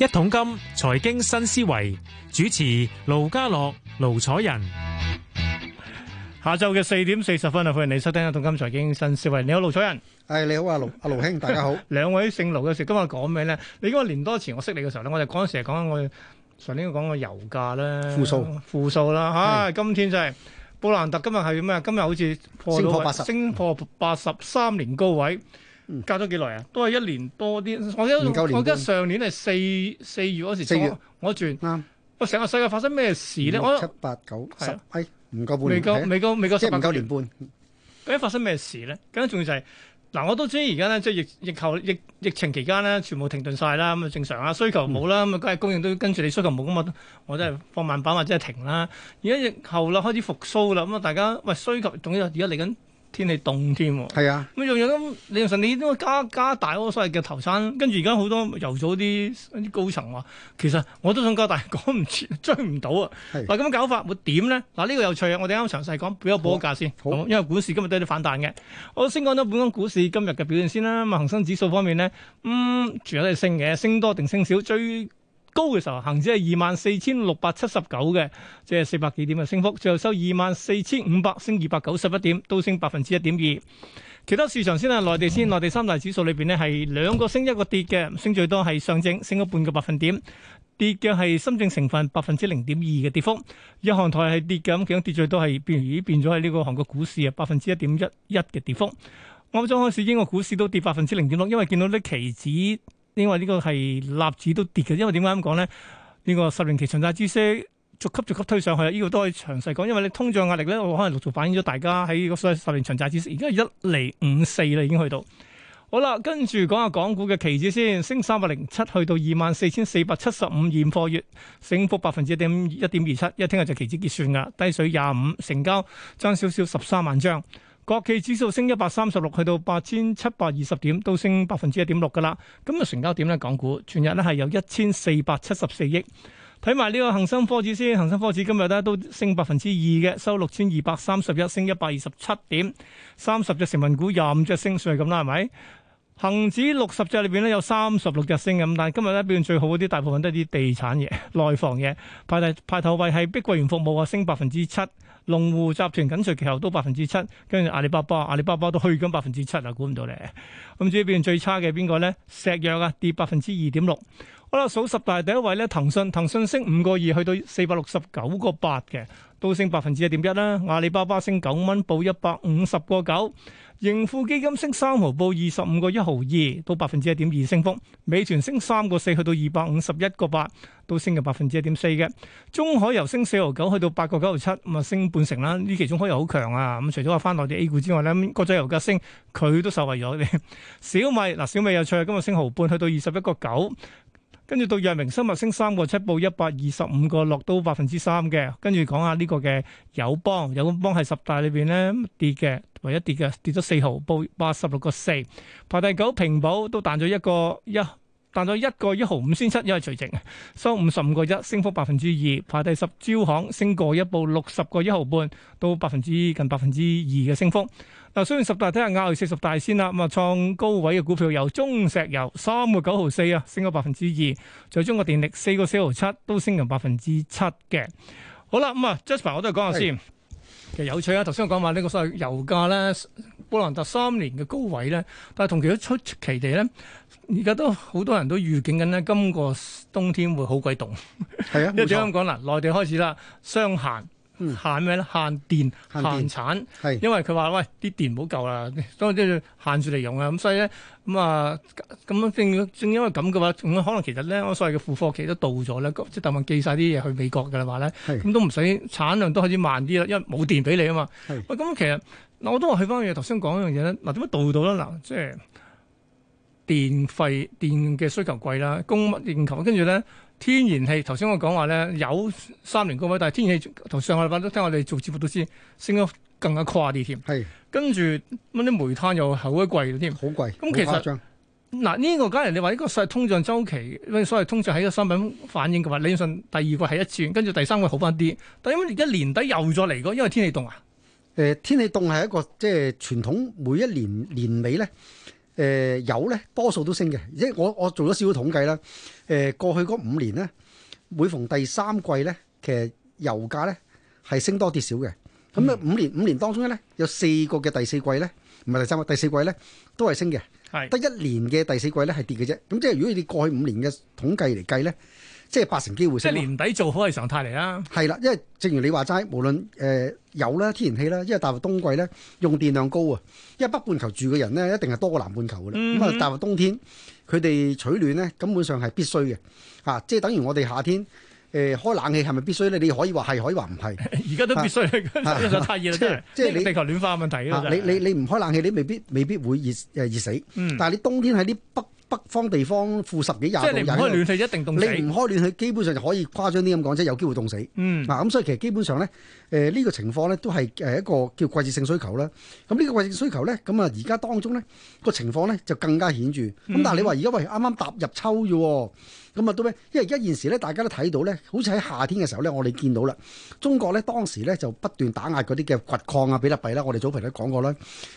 一桶金財經新思維，主持盧家樂、盧楚仁，下晝嘅四點四十分啊，歡迎你收聽一桶金財經新思維。你好，盧楚仁。誒、哎，你好啊，盧阿盧兄，大家好。兩 位姓盧嘅，時今日講咩呢？你嗰個年多前我識你嘅時候呢，我哋嗰陣時係講緊我上年講個油價啦，負數數，負數啦吓。今天就係、是，布蘭特今日係咩？今日好似破咗八，升破八十三年高位。隔咗幾耐啊？都係一年多啲。我記得我記得上年係四四月嗰時，我我轉，啱。喂，成個世界發生咩事咧？我七八九，係啊，唔夠、哎、半年。未夠過，未夠、啊，未夠，年半。究竟發生咩事咧？究竟重要就係嗱？我都知而家咧，即係疫疫後疫疫情期間咧，全部停頓晒啦，咁啊正常啊，需求冇啦，咁啊梗係供應都跟住你需求冇咁啊，我真係放慢版或者係停啦。而家疫後啦，開始復蘇啦，咁啊大家喂，喂需求，仲要而家嚟緊。天氣凍添，係啊，咁樣樣都李仁臣，你都加加大嗰個所謂嘅頭山，跟住而家好多由咗啲啲高層話，其實我都想加大，趕唔切追唔到是啊。嗱咁搞法會點咧？嗱、啊、呢、呢個有趣啊！我哋啱啱詳細講，俾我報個價先，好好因為股市今日都有啲反彈嘅。我先講到本港股市今日嘅表現先啦。咁恒生指數方面咧，嗯，除咗你升嘅，升多定升少，追。高嘅時候，恒指係二萬四千六百七十九嘅，即係四百幾點嘅升幅，最後收二萬四千五百，升二百九十一點，都升百分之一點二。其他市場先啦，內地先，內地三大指數裏邊呢係兩個升一個跌嘅，升最多係上證，升咗半個百分點，跌嘅係深證成分百分之零點二嘅跌幅。日韓台係跌嘅，咁其中跌最多係，譬如已變咗係呢個韓國股市啊，百分之一點一一嘅跌幅。啱啱張開市，英國股市都跌百分之零點六，因為見到啲期指。因為呢個係納指都跌嘅，因為點解咁講咧？呢、這個十年期長債孳息逐級逐級推上去，呢、這個都可以詳細講。因為你通脹壓力咧，我可能陸續反映咗大家喺呢個十年長債孳息，而家一厘五四啦，已經去到。好啦，跟住講下港股嘅期指先，升三百零七，去到二萬四千四百七十五，現貨月升幅百分之一點一點二七，一聽日就期指結算噶，低水廿五，成交增少少十三萬張。國企指數升一百三十六，去到八千七百二十點，都升百分之一點六噶啦。今日成交點咧？港股全日咧係有一千四百七十四億。睇埋呢個恒生科指先，恒生科指今日咧都升百分之二嘅，收六千二百三十一，升一百二十七點。三十隻成分股廿五隻升，算係咁啦，係咪？恒指六十隻裏邊咧有三十六隻升嘅，但今日咧表現最好嗰啲，大部分都係啲地產嘢、內房嘢。排第排頭位係碧桂園服務啊，升百分之七。龍湖集團緊隨其後都百分之七，跟住阿里巴巴，阿里巴巴都去緊百分之七啊，估唔到咧。咁至於變成最差嘅邊個咧？石藥啊，跌百分之二點六。好啦，數十大第一位咧，騰訊，騰訊升五個二去到四百六十九個八嘅，都升百分之一點一啦。阿里巴巴升九蚊，報一百五十個九。盈富基金升三毫，報二十五個一毫二，到百分之一點二升幅。美團升三個四，去到二百五十一個八，都升嘅百分之一點四嘅。中海油升四毫九，去到八個九毫七，咁啊升半成啦。呢期中海油好強啊！咁除咗話翻內地 A 股之外咧，國際油價升，佢都受惠咗嘅。小米嗱，小米又趣，今日升毫半，去到二十一個九，跟住到藥明生物升三個七，報一百二十五個六，到百分之三嘅。跟住講下呢個嘅友邦，友邦係十大裏邊咧跌嘅，唯一跌嘅跌咗四毫，報八十六個四。排第九，平保都彈咗一個一，彈咗一個一毫五先七，因為除淨，收五十五個一，升幅百分之二。排第十，招行升過一步六十個一毫半，到百分之近百分之二嘅升幅。嗱，雖然十大睇下亞四十大先啦，咁啊，創高位嘅股票由中石油三個九毫四啊，4, 升咗百分之二；就中國電力四個四毫七，都升近百分之七嘅。好啦，咁、嗯、啊，Jasper，我都係講下先。其實有趣啊！頭先我講話呢個所謂油價咧，布蘭特三年嘅高位咧，但係同期都出奇地咧，而家都好多人都預警緊咧，今個冬天會好鬼凍。係 啊，因為香港啦，錯內地開始啦，雙限。限咩咧？限電、限，電限產，是因為佢話喂，啲電唔好夠啦，所以都要限住嚟用、嗯、啊。咁所以咧，咁啊，咁正正因為咁嘅話，咁可能其實咧，我所謂嘅負貨期都到咗咧，即係突然寄晒啲嘢去美國㗎啦，話咧是，咁都唔使產量都開始慢啲啦，因為冇電俾你啊嘛。喂是，咁、啊、其實嗱，我都話去翻嘢，頭先講一樣嘢咧，嗱、啊，點解到到啦？嗱、啊，即係電費、電嘅需求貴啦，供不應求，跟住咧。天然氣頭先我講話咧有三年高位，但係天然氣同上個禮拜都聽到我哋做節目都先升得更加誇啲添。係是跟住乜啲煤炭又好一貴添，好貴。咁、嗯、其實嗱呢、這個假如你話呢個實通脹周期，所謂通脹喺個商品反映嘅話，你信第二季係一轉，跟住第三季好返啲。但係因為而家年底又再嚟過，因為天氣凍啊。誒、呃，天氣凍係一個即係、就是、傳統每一年年尾咧。誒油咧，多數都升嘅，即係我我做咗少少統計啦。誒、呃、過去嗰五年咧，每逢第三季咧，其實油價咧係升多跌少嘅。咁啊五年五年當中咧，有四個嘅第四季咧，唔係第三個第四季咧都係升嘅，係得一年嘅第四季咧係跌嘅啫。咁即係如果你過去五年嘅統計嚟計咧。即係八成機會，即係年底做好係常態嚟啦。係啦，因為正如你話齋，無論誒油啦，天然氣啦，因為大陸冬季咧用電量高啊，因為北半球住嘅人咧一定係多過南半球嘅啦。咁啊，大陸冬天佢哋取暖咧根本上係必須嘅嚇，即係等於我哋夏天誒開冷氣係咪必須咧？你可以話係，可以話唔係。而家都必須，太熱即係即係地球暖化問題啊！你你你唔開冷氣，你未必未必會熱誒熱死。嗯，但係你冬天喺啲北。北方地方負十幾廿度，即係你唔開暖氣，一定凍死。你唔開暖氣，基本上就可以誇張啲咁講，即係有機會凍死。嗯，嗱咁、啊、所以其實基本上咧，誒、呃、呢、呢個情況咧都係誒一個叫季節性需求啦。咁呢個季節需求咧，咁啊而家當中咧個情況咧就更加顯著。咁但係你話而家喂啱啱踏入秋啫喎。咁啊到尾，因為而家現時咧，大家都睇到咧，好似喺夏天嘅時候咧，我哋見到啦，中國咧當時咧就不斷打壓嗰啲嘅掘礦啊，比特幣啦，我哋早排都講過啦，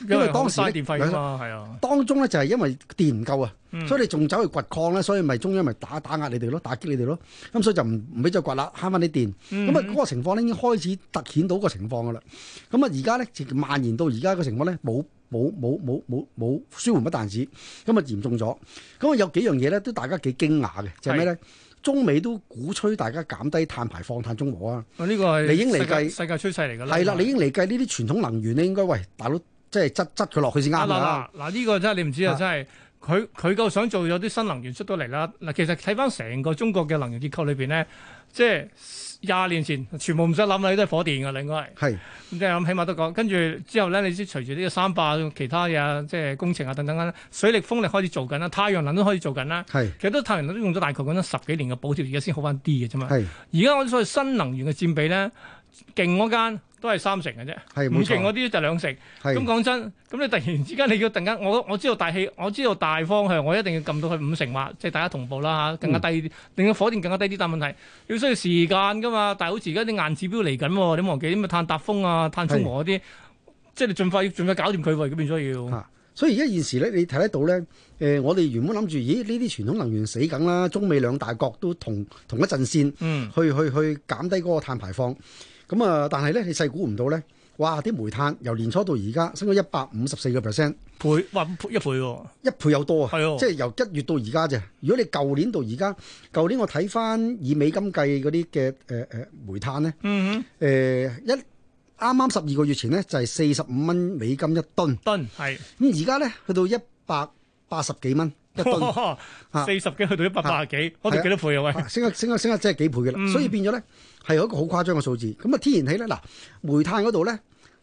因為當時電費嘛，係啊，當中咧就係因為電唔夠啊、嗯，所以你仲走去掘礦咧，所以咪中央咪打打壓你哋咯，打擊你哋咯，咁所以就唔唔俾再掘啦，慳翻啲電。咁啊，嗰、嗯、個情況咧已經開始凸顯到個情況噶啦。咁啊，而家咧蔓延到而家個情況咧冇。冇冇冇冇冇舒緩，不但止，咁啊嚴重咗。咁啊有幾樣嘢咧都大家幾驚訝嘅，就係咩咧？中美都鼓吹大家減低碳排放、碳中和啊！啊呢個係，理應嚟計世界趨勢嚟㗎啦。係啦，的的理應嚟計呢啲傳統能源咧，應該喂，大佬即係窒窒佢落去先啱㗎啦。嗱呢個真係你唔知啊，真、啊、係。啊啊這個佢佢夠想做有啲新能源出到嚟啦嗱，其實睇翻成個中國嘅能源結構裏邊咧，即係廿年前全部唔使諗啦，你都係火電㗎，應該係。係咁即係諗起碼都講，跟住之後咧，你知隨住呢個三峽其他嘢，即係工程啊等等啦，水力風力開始做緊啦，太陽能都開始做緊啦。係是其實都太陽能都用咗大概講緊十幾年嘅補貼，而家先好翻啲嘅啫嘛。係而家我所謂新能源嘅佔比咧。勁嗰間都係三成嘅啫，唔勁嗰啲就兩成。咁講是真，咁你突然之間你要突然間，我我知道大氣，我知道大方向，我一定要撳到去五成嘛，即、就、係、是、大家同步啦嚇，更加低，嗯、令個火電更加低啲。但係問題要需要時間㗎嘛。但係好似而家啲硬指標嚟緊喎，你唔好忘記啲咩碳達峯啊、碳中和嗰啲，是即係你盡快要盡快搞掂佢喎。而家變咗要、啊，所以而家現時咧，你睇得到咧。誒，我哋原本諗住，咦呢啲傳統能源死緊啦，中美兩大國都同同一陣線去，去去去減低嗰個碳排放。咁啊、嗯！但係咧，你細估唔到咧，哇！啲煤炭由年初到而家升咗一百五十四個 percent 倍，哇！一倍，一倍、哦、一倍有多啊！係、哦、即係由一月到而家啫。如果你舊年到而家，舊年我睇返以美金計嗰啲嘅誒誒煤炭咧，嗯哼，誒、呃、一啱啱十二個月前咧就係四十五蚊美金一噸，噸係。咁而家咧去到一百八十幾蚊。四十幾去到一百八十幾，我哋幾多倍啊？喂、啊，升一升一升一，即係幾倍嘅啦！嗯、所以變咗咧，係有一個好誇張嘅數字。咁啊，天然氣咧，嗱，煤炭嗰度咧，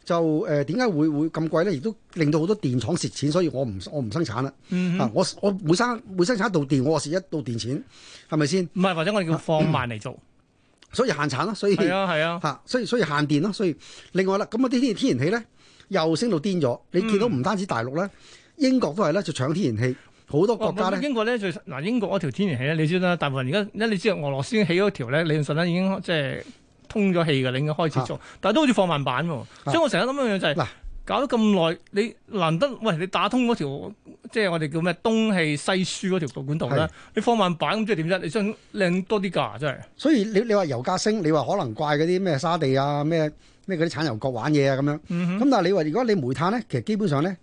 就誒、點、呃、解會會咁貴咧？亦都令到好多電廠蝕錢，所以我唔我唔生產啦。嗯、哼啊，我我每生每生產一度電，我蝕一度電錢，係咪先？唔係，或者我哋叫放慢嚟做、啊嗯，所以限產咯，所以係、嗯、啊係啊吓，所以、啊、所以限電咯。所以另外啦，咁啊啲天然氣咧又升到癲咗。你見到唔單止大陸咧，嗯、英國都係咧，就搶天然氣。好多國家呢，英國咧，最嗱英國嗰條天然氣咧，你知啦，大部分而家因為你知道俄羅斯起嗰條咧，理論上咧，已經，已經即係通咗氣㗎，你應該開始做，啊、但係都好似放慢版喎。啊、所以我成日諗一樣就係、是、嗱、啊、搞咗咁耐，你難得喂，你打通嗰條即係我哋叫咩東氣西輸嗰條個管道咧，是你放慢版咁即係點啫？你想靚多啲價真係。所以你你話油價升，你話可能怪嗰啲咩沙地啊咩咩嗰啲產油國玩嘢啊咁樣。咁、嗯、哼但係你話如果你煤炭咧，其實基本上咧。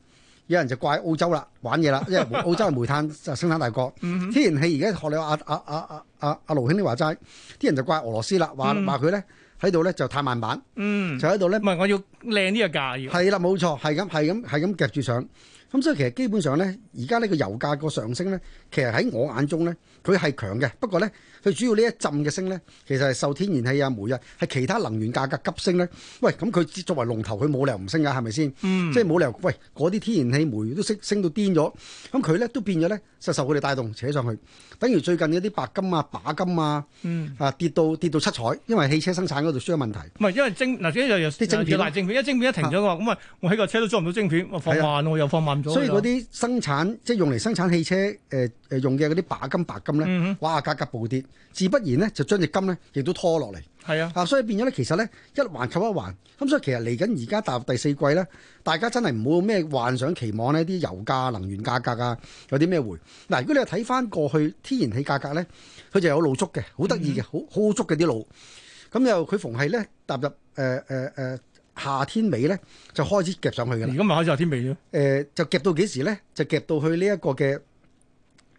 有人就怪澳洲啦，玩嘢啦，因為澳洲係煤炭 生產大國。天然氣而家學你阿阿阿阿阿阿盧兄你話齋，啲人就怪俄羅斯啦，話話佢咧喺度咧就太慢板， 就喺度咧，唔係、嗯、我要靚呢個價要。係啦 冇錯，係咁，係咁，係咁夾住上。咁所以其實基本上咧，而家呢個油價個上升咧，其實喺我眼中咧，佢係強嘅。不過咧，佢主要呢一浸嘅升咧，其實係受天然氣啊、煤啊，係其他能源價格急升咧。喂，咁佢作為龍頭，佢冇理由唔升噶，係咪先？嗯、即係冇理由，喂，嗰啲天然氣、煤都升升到癲咗，咁佢咧都變咗咧，就受佢哋帶動扯上去。等於最近嗰啲白金啊、靶金啊，啊跌到跌到七彩，因為汽車生產嗰度出咗問題。唔係、嗯，因為晶嗱，而家又啲晶片啦，晶片一晶片一停咗嘅咁啊，我喺架車都裝唔到晶片，放慢、啊、又放慢、啊。所以嗰啲生產，即係用嚟生產汽車誒誒、呃、用嘅嗰啲白金白金咧，嗯、哼哇價格暴跌，自不然咧就將隻金咧亦都拖落嚟。係、嗯、哼啊，啊所以變咗咧，其實咧一環扣一環，咁所以其實嚟緊而家踏入第四季咧，大家真係唔好咩幻想期望呢啲油價能源價格啊有啲咩回嗱、啊。如果你又睇翻過去天然氣價格咧，佢就有路捉嘅，好得意嘅，好好捉嘅啲路。咁又佢逢係咧踏入誒誒誒。呃呃呃呃夏天尾咧就開始夾上去嘅啦，而家咪開始夏天尾咯。誒、呃，就夾到幾時咧？就夾到去呢一個嘅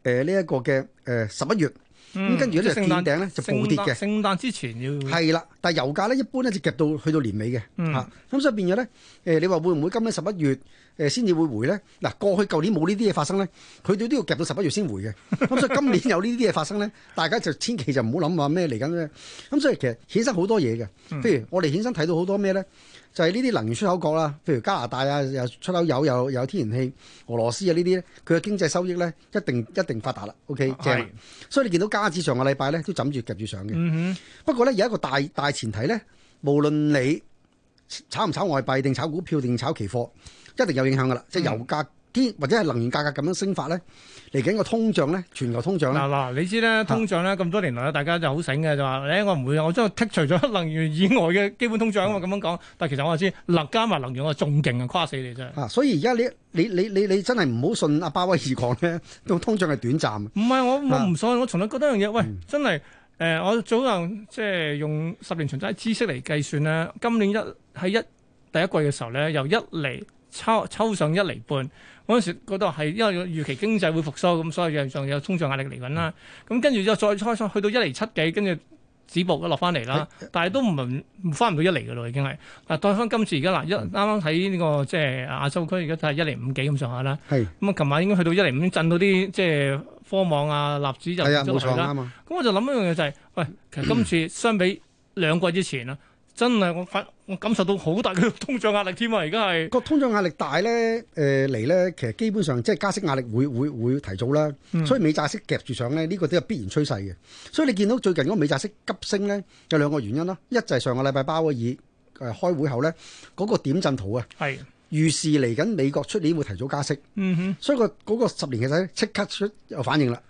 誒呢一個嘅誒十一月。咁跟住咧就聖誕見頂咧，就暴跌嘅。聖誕之前要係啦。但係油價咧，一般咧就夾到去到年尾嘅，咁、嗯啊、所以變咗咧，誒、呃、你話會唔會今年十一月誒先至會回咧？嗱、啊、過去舊年冇呢啲嘢發生咧，佢哋都要夾到十一月先回嘅。咁 所以今年有呢啲嘢發生咧，大家就千祈就唔好諗話咩嚟緊咧。咁所以其實衍生好多嘢嘅，譬如我哋衍生睇到好多咩咧，嗯、就係呢啲能源出口國啦，譬如加拿大啊，又出口油又有，有，有天然氣，俄羅斯啊呢啲，佢嘅經濟收益咧一定一定發達啦。O.K. 即係嗎，是所以你見到加紙上個禮拜咧都枕住夾住上嘅。嗯、不過咧有一個大大，前提咧，無論你炒唔炒外幣，定炒股票，定炒期貨，一定有影響噶啦。嗯、即係油價天或者係能源價格咁樣升法咧，嚟緊個通脹咧，全球通脹咧。嗱你知咧，通脹咧咁多年來大家就好醒嘅，是就話咧我唔會，我將剔除咗能源以外嘅基本通脹啊嘛，咁是樣講。但係其實我話知，加能源同埋能源我仲勁啊，誇死你啫。啊，所以而家你你你你你，你真係唔好信阿巴威而講咧，到通脹係短暫。唔係 我我唔信，我從來覺得樣嘢，喂，真係。真 誒、呃，我早上即係、呃、用十年長債知識嚟計算啦。今年一喺一第一季嘅時候咧，由一厘抽抽上一厘半，我嗰陣時覺得係因為預期經濟會復甦，咁所以仲有，有通脹壓力嚟緊啦。咁、嗯嗯、跟住之後又再抽上去到一厘七幾，跟住。止步咁落翻嚟啦，是但係都唔係翻唔到一釐噶咯，已經係。嗱是，當翻今次而家嗱，剛剛這個就是、一啱啱喺呢個即係亞洲區，而家都係一釐五幾咁上下啦。係是。咁啊，琴晚應該去到一釐五，震到啲即係科網啊、納指就都係啦。咁、哎、我就諗一樣嘢就係、是，喂、哎，其實今次相比兩季之前啦， 真係我發。感受到好大嘅通脹壓力添啊！而家係個通脹壓力大咧，誒嚟咧，其實基本上即係加息壓力會會會提早啦。嗯、所以美債息夾住上咧，呢、呢個都係必然趨勢嘅。所以你見到最近嗰美債息急升咧，有兩個原因啦。一就係上個禮拜鮑威爾誒開會後咧，嗰、嗰個點陣圖啊，係預示嚟緊美國出年會提早加息。嗯哼，所以個嗰個十年嘅債即刻出有反應啦。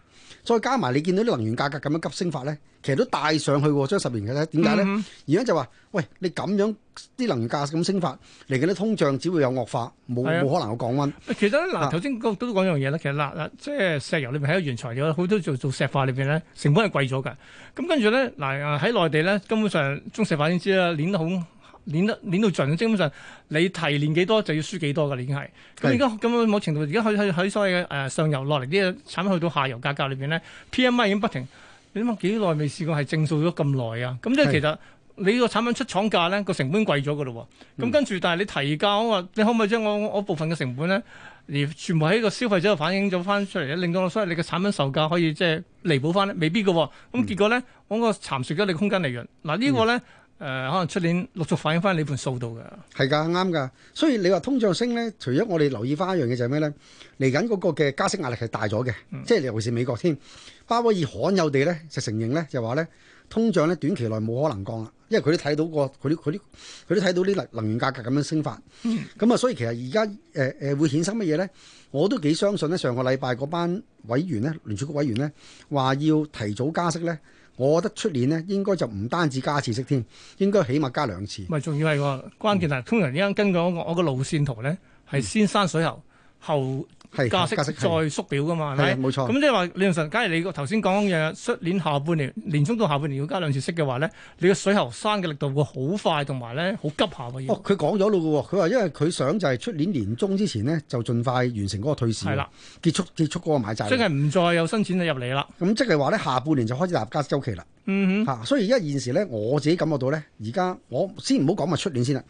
再加埋你見到啲能源價格咁樣急升法咧，其實都帶上去喎，將十年嘅咧，點解咧？而家、嗯嗯、就話，喂，你咁樣啲能源價咁升法嚟緊，啲通脹只會有惡化，冇冇是、啊、可能有降溫、啊？其實嗱，頭先都都講一樣嘢啦，其實嗱嗱，即係石油裏面係一個原材料，好多做做石化裏邊咧，成本係貴咗㗎。咁跟住咧嗱，喺內地咧，根本上中石化先知啦，攣得好。攣得攣到盡，基本上你提煉幾多就要輸幾多噶，你已經係。咁而家咁樣某程度，而家喺喺喺所謂嘅誒上游落嚟啲產品去到下游價格裏邊咧，PMI 已經不停，是你諗下幾耐未試過係正數咗咁耐啊！咁即係其實是你呢個產品出廠價咧個成本貴咗嘅咯喎。咁跟住，但係你提價我話，你可唔可以將我我部分嘅成本咧，而全部喺個消費者度反映咗翻出嚟咧，令到我所謂你嘅產品售價可以即係彌補翻咧？未必嘅。咁結果咧，我個蠶食咗你嘅空間利潤嗱呢個咧。嗯嗯誒，可能出年陸續反映翻你盤數度嘅，係㗎，啱㗎。所以你話通脹升咧，除咗我哋留意翻一樣嘢就係咩咧？嚟緊嗰個嘅加息壓力係大咗嘅，即係、嗯、尤其是美國添，鮑威爾罕有地咧就承認咧就話咧通脹咧短期內冇可能降啦，因為佢都睇到個佢啲佢啲佢都睇到啲能能源價格咁樣升法。咁啊、嗯嗯，所以其實而家誒誒會衍生乜嘢咧？我都幾相信咧，上個禮拜嗰班委員咧，聯儲局委員咧話要提早加息咧。我覺得出年咧，應該就唔單止加次息添，應該起碼加兩次。唔係，仲要係關鍵係通常依家根據我我個路線圖咧，係先山水後、嗯、後。係加息，再縮表噶嘛，係冇錯。咁即係話，盧楚仁，假如你個頭先講嘅，出年下半年，年中到下半年要加兩次息嘅話咧，你個水喉生嘅力度會好快，同埋咧好急下嘅。哦，佢講咗咯噶，佢話因為佢想就係出年年中之前呢，就盡快完成嗰個退市，係啦，結束結束嗰個買債，即係唔再有新錢入嚟啦。咁即係話咧，下半年就開始立加息周期啦。嗯哼。吓，所以而家現時咧，我自己感覺到咧，而家我先唔好講話出年先啦，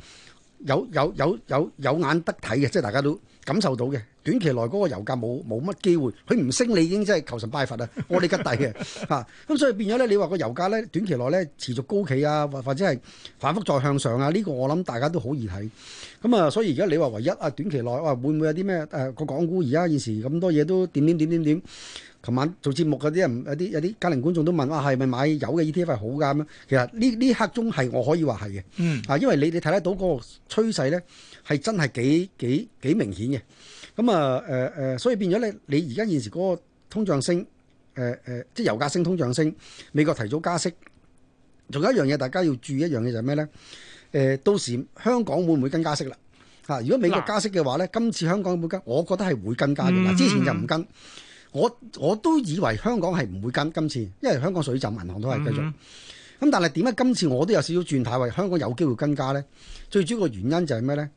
有有有有有眼得睇嘅，即係大家都。感受到嘅短期內嗰個油價冇冇乜機會，佢唔升你已經真係求神拜佛啊！我哋吉弟嘅嚇，咁所以變咗咧，你話個油價咧短期內咧持續高企啊，或或者係反覆再向上啊？呢個我諗大家都好易睇。咁啊，所以而家你話唯一啊，短期內哇會唔會有啲咩誒個港股而家現時咁多嘢都點點點點點？琴晚做節目嗰啲人有啲有啲家庭觀眾都問啊係咪買油嘅 ETF 係好㗎咁啊？其實呢呢刻鐘係我可以話係嘅，嗯啊，因為你你睇得到嗰個趨勢咧係真係幾幾幾明顯。咁啊，誒誒、嗯呃，所以變咗咧，你而家現時嗰個通脹升，誒、呃、誒，即係油價升，通脹升，美國提早加息，仲有一樣嘢大家要注意，一樣嘢就係咩咧？誒、呃，到時香港會唔會跟加息啦？吓、啊，如果美國加息嘅話咧，啊、今次香港會唔會跟？我覺得係會跟加嘅。嗱、嗯哼，之前就唔跟，我我都以為香港係唔會跟今次，因為香港水浸，銀行都係繼續咁。嗯、哼但係點解今次我都有少少轉態，話香港有機會跟加咧？最主要個原因就係咩咧？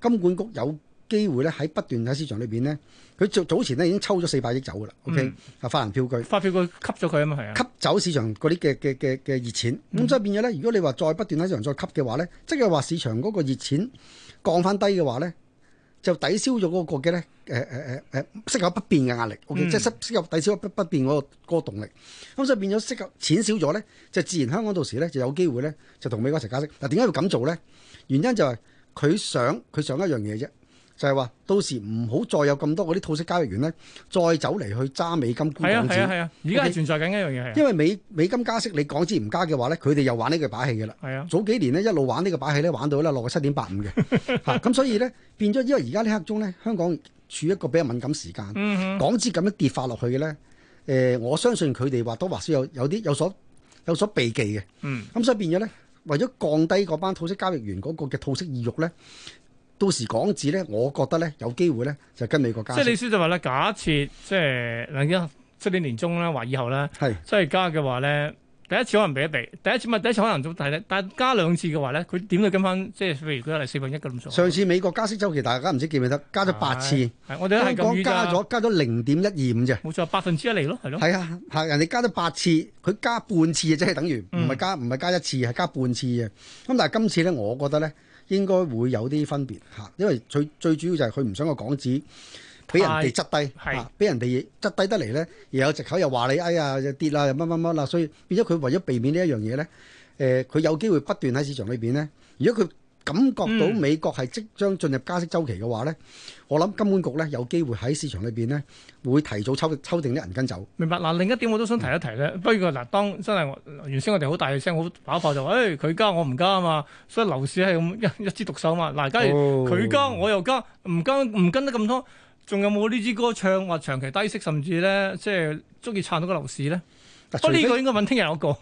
金管局有。機會咧，喺不斷喺市場裏邊咧，佢早早前咧已經抽咗四百億走噶啦。O K 啊，發行票據，發票佢吸咗佢啊嘛，係啊，吸走市場嗰啲嘅嘅嘅嘅熱錢。咁、嗯、所以變咗咧，如果你話再不斷喺市場再吸嘅話咧，即係話市場嗰個熱錢降翻低嘅話咧，就抵消咗嗰個嘅咧誒誒誒誒適合不變嘅壓力。O、okay? K、嗯、即係適適合抵消不不變嗰個嗰個動力。咁所以變咗適合錢少咗咧，就自然香港到時咧就有機會咧就同美國一齊加息嗱。點解要咁做咧？原因就係佢想佢想,想,想一樣嘢啫。就係話，到時唔好再有咁多嗰啲套息交易員咧，再走嚟去揸美金沽港紙。係啊，而家係存在緊一樣嘢，啊、因為美美金加息，你港紙唔加嘅話咧，佢哋又玩呢個把戲嘅啦。係啊，早幾年咧一路玩呢個把戲咧，玩到咧落個七點八五嘅。嚇咁、 嗯、所以咧變咗，因為而家呢刻鐘咧，香港處一個比較敏感時間。嗯、哼港紙咁樣跌發落去嘅咧，誒、呃、我相信佢哋或多或少有有啲有所有所避忌嘅。嗯，咁、嗯、所以變咗咧，為咗降低嗰班套息交易員嗰個嘅套息意欲咧，到時港紙咧，我覺得咧有機會咧就跟美國加息。即係李叔就話咧，假設即係嗱一今年年中啦，話以後咧，即係是加嘅話咧，第一次可能避一避，第一次咪第一次可能做大啲，但係加兩次嘅話咧，佢點都跟翻，即係譬如佢係四分一嘅咁數。上次美國加息周期大家唔知記唔記得，加咗八次。係我哋香港加咗加咗零點一二五啫。冇錯，百分之一嚟咯，係咯。係啊，係人哋加咗八次，佢加半次嘅啫，等於唔係加唔係、嗯、加一次，係加半次嘅。咁但係今次咧，我覺得咧。應該會有啲分別嚇，因為最最主要就係佢唔想個港紙俾人哋執低，俾、哎啊、人哋執低得嚟咧，又有藉口又話你哎呀又跌啦又乜乜乜啦，所以變咗佢為咗避免呢一樣嘢咧，誒、呃、佢有機會不斷喺市場裏邊咧，如果佢。嗯、感覺到美國係即將進入加息周期嘅話咧，我諗金管局咧有機會喺市場裏邊呢會提早抽抽定啲銀根走。明白嗱、啊，另一點我都想提一提咧，嗯、不如嗱，當真係原先我哋好大嘅聲好飽爆就話，誒、欸、佢加我唔加啊嘛，所以樓市係咁一一支獨秀嘛。嗱、啊，假如佢加、哦、我又加，唔加唔跟得咁多，仲有冇呢支歌唱話長期低息，甚至咧即係鍾意撐到個樓市咧？我呢個應該問聽日我講，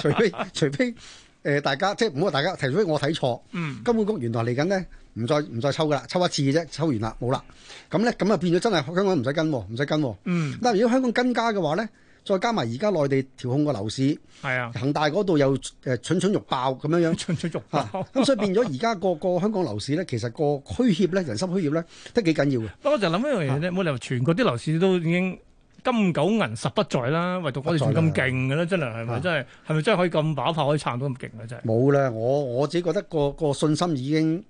除非除非。誒，大家即係唔好大家，提除非我睇錯，根本谷原來嚟緊呢，唔再唔再抽㗎啦，抽一次啫，抽完啦，冇啦。咁咧，咁啊，變咗真係香港唔使跟，哦，唔使跟，哦。嗯。但，如果香港跟加嘅話咧，再加埋而家內地調控個樓市，係啊，恒大嗰度又誒蠢蠢欲爆咁樣樣， 蠢蠢欲爆。咁，啊、所以變咗而家個個香港樓市咧，其實個虛怯咧，人心虛怯咧，都幾緊要嘅。 我就諗一樣嘢啫，冇，啊、理由全國啲樓市都已經。金九銀十不在啦，唯獨我哋咁勁嘅啦。真係，係咪真係？係咪真係可以咁飽泡，可以撐到咁勁嘅。真係冇啦！啊、我我自己覺得個個信心已經，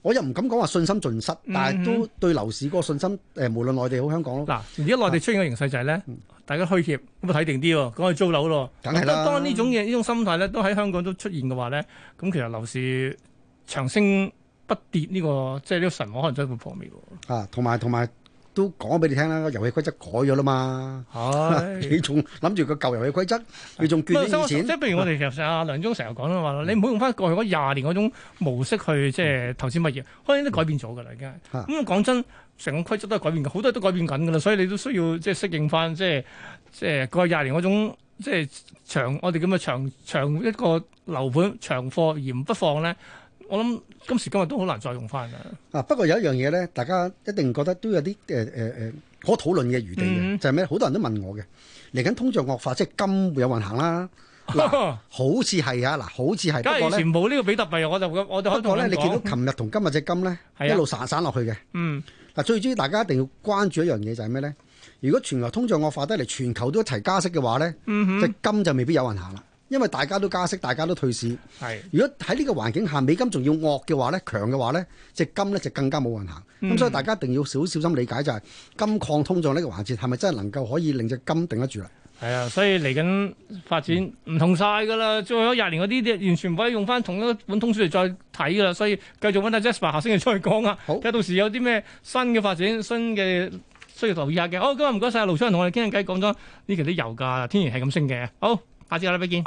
我又唔敢講話信心盡失，但係都對樓市個信心，誒，無論內地好香港咯。嗱、啊，而家內地出現嘅形勢就係、是、咧，啊、大家虛貼，咁睇、嗯、定啲喎，講去租樓咯。咁係啦。當呢種嘢、呢種心態咧，都喺香港都出現嘅話咧，咁其實樓市長升不跌呢、這個，即係呢個神話可能真會破滅喎。啊，同埋同埋。都講咗俾你聽啦，個遊戲規則改咗啦嘛。的 你仲諗住個舊遊戲規則？的你仲缺啲錢？即係譬如我哋其實阿梁宗成日講啦嘛，你唔好用翻過去嗰廿年嗰種模式去即係投資乜嘢，可能都改變咗噶啦，已經。 咁講真，成個規則都係改變，好多人都改變緊噶啦，所以你都需要即係適應翻，即係即係過去廿年嗰種即係長，我哋咁嘅長長一個樓盤長貨而不放咧。我諗今時今日都好難再用翻嘅。啊，不過有一樣嘢咧，大家一定覺得都有啲誒誒誒可討論嘅餘地嘅，就係咩？好多人都問我嘅，嚟緊通脹惡化，即係金會有冇運行、啊、 啦？嗱，好似係啊，嗱， 好似係。假如全部呢個比特幣，我就我就，我就不過咧，你見到琴日同今日隻金咧 一路散散落去嘅。嗯。嗱，最主要大家一定要關注一樣嘢就係咩咧？如果全球通脹惡化得嚟，全球都一齊加息嘅話咧，隻金就未必有運行啦。因為大家都加息，大家都退市。係是的 如果喺呢個環境下，美金仲要惡嘅話咧，強嘅話咧，隻金咧就更加冇運行。咁、嗯、所以大家一定要少小心理解就係金抗通脹呢個環節係咪真係能夠可以令隻金定得住咧？係啊，所以嚟緊發展唔同晒噶啦，最嗰一年嗰啲完全唔可以用翻同一本通書嚟再睇噶啦，所以繼續揾阿 Jasper 下星期出去講啊。好，睇到時有啲咩新嘅發展、新嘅需要留意下嘅。好、oh，今日唔該晒盧生同我哋傾緊偈，講咗呢期啲油價、天然氣咁升嘅。好，下次啦，拜見。